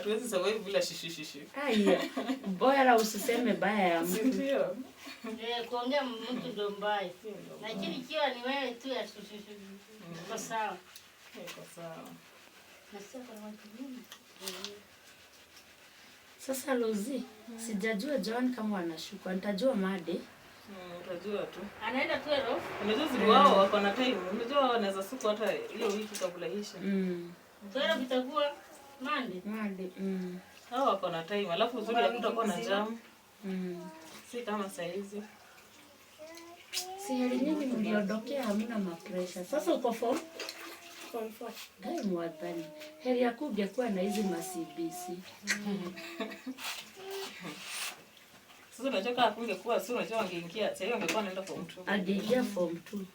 Hatuwezi survive bila shishi shishi. Haya. Bora usiseme baya ya mtu. Ndio. Eh, kuongea mtu ndio mbaya. Lakini ikiwa ni wewe tu ya shishi shishi. Kwa sawa. Kwa sawa. Nasikia kwa watu wengi. Sasa Lozi, sijajua John kama wanashuka. Nitajua Made. Hmm, utajua tu. Anaenda tu ero. Unajua zile wao wako na time. Unajua wanaweza siku hata hiyo wiki kabla isha. Mm. Tero vitakuwa Mm. Hao wako na time. Alafu uzuri hakutakuwa na jam. Mm. Si kama saa hizi. Si nyingi mliondokea hamna mapresha. Sasa uko form? Form mwadhani. Heri yako ungekuwa na hizi masibisi. Sasa unachoka hakungekuwa, si unachoka angeingia. Sasa hiyo angekuwa anaenda form 2. Angeingia form 2. Mm.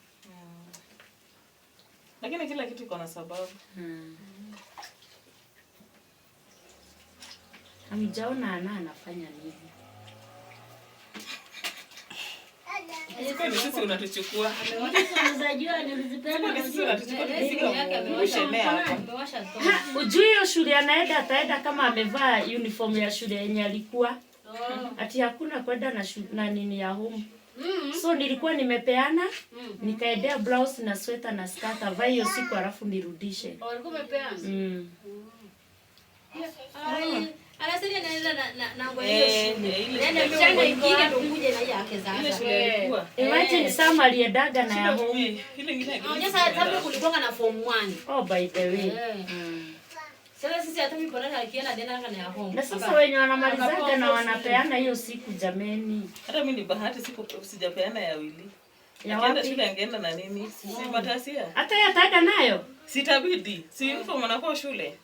Lakini kila kitu iko na sababu. Mm amijaona ana anafanya nini? Ujui hiyo shule anaenda, ataenda kama amevaa uniform ya shule yenye alikuwa oh. ati hakuna kwenda na, na nini ya home Mm -hmm. So nilikuwa nimepeana mm -hmm. Nikaendea blouse na sweta na skata vaa hiyo siku, alafu nirudishe. Walikuwa oh, wamepeana. Mm. mm. Eh, imagine eh. Sam aliedaga na ya home. Oh, by the way. Eh. Mm. Na sasa wenye wanamalizaga na wanapeana hiyo siku jameni. Hata mimi ni bahati sijapeana ya wili. Ya wapi? Angeenda na nini? Si oh. matasia. Hata yataga nayo. Sitabidi. Si uniform anakuwa shule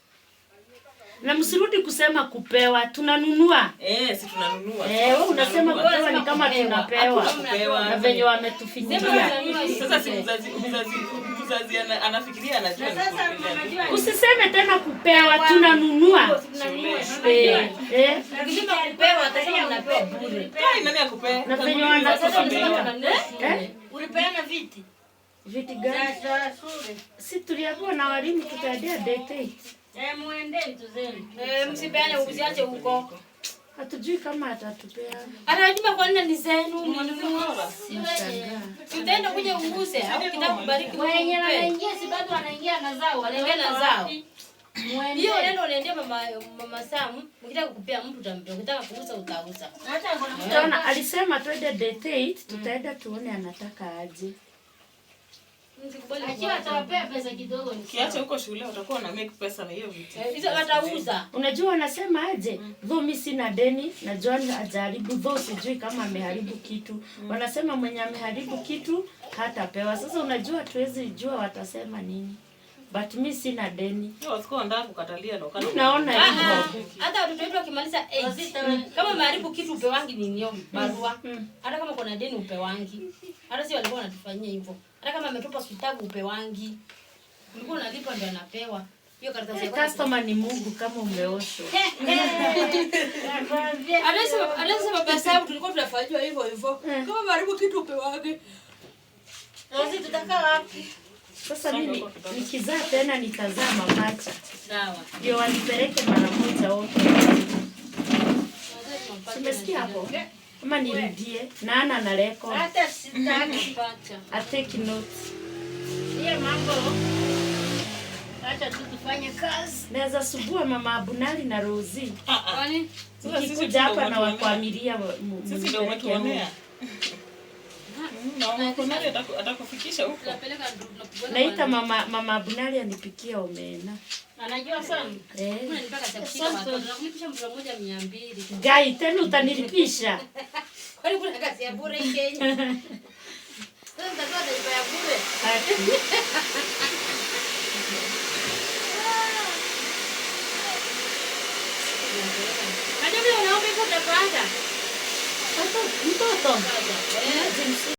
na msirudi kusema kupewa, tunanunua eh, si tunanunua eh. Wewe unasema kupewa ni kama tunapewa, kupewa. na venye wametufikiria sasa. Si mzazi mzazi mzazi anafikiria, anajua. na sasa Usiseme tena kupewa, tunanunua eh, eh eh, ukisema kupewa atasema unapewa bure. Nani akupea? Na venye wanatufikiria eh, eh? ulipeana viti viti gani? Si tuliambiwa na walimu tutaendea date Eh, eh, msipeane huko. Hatujui kama atatupea. kwa nini ni zenu. kuja au kitakubariki wenye si bado wanaingia na zao, na zao. Hiyo neno unaendea mama mama Sam, ukitaka mtu utampea, ukitaka Hata eh. alisema twende date, mm. tutaenda tuone anataka aje. Kiacha huko shule utakuwa na make pesa na hiyo vitu. Eh, hizo atauza. Unajua anasema aje? Mm. Dhumi sina deni na John ajaribu dho sijui kama ameharibu kitu. Mm. Wanasema mwenye ameharibu kitu hatapewa. Sasa unajua tuwezi jua watasema nini. But mi sina deni. Naona ah, ah. hata watoto wetu wakimaliza mm, kama maharibu kitu upewangi ninio barua. Mm, mm. Hata kama kuna deni upewangi. Hata si walikuwa wanatufanyia hivyo. Hata kama ametupa hospitali upewangi. Ulikuwa unalipa ndio anapewa. Hiyo customer ni Mungu kama umeoshwa. Anasema baba sababu tulikuwa tunafanywa hivyo hivyo. Kama maharibu kitu upewangi. Nasi tutakaa wapi? Sasa mimi nikizaa tena nitazaa mapacha, ndio wanipeleke mara moja wote. Umesikia hapo? Ama nirudie na ana na record. Hata sitaki pacha. I take notes. Hiyo mambo. Acha tu tufanye kazi. Naweza subua mama Abunali na Rozi. Ah ah. Kwani? Sisi kuja hapa na wakwamilia. Sisi ndio watu wamea. atakufikisha huko. Naita mama mama Bunali anipikia omena. Anajua eh. sana. Eh. Gai tena utanilipisha. Kwani kuna kazi ya bure Kenya? Sasa ndio ndio ya bure. Hadi leo naomba a kwanza. Mtoto. Eh.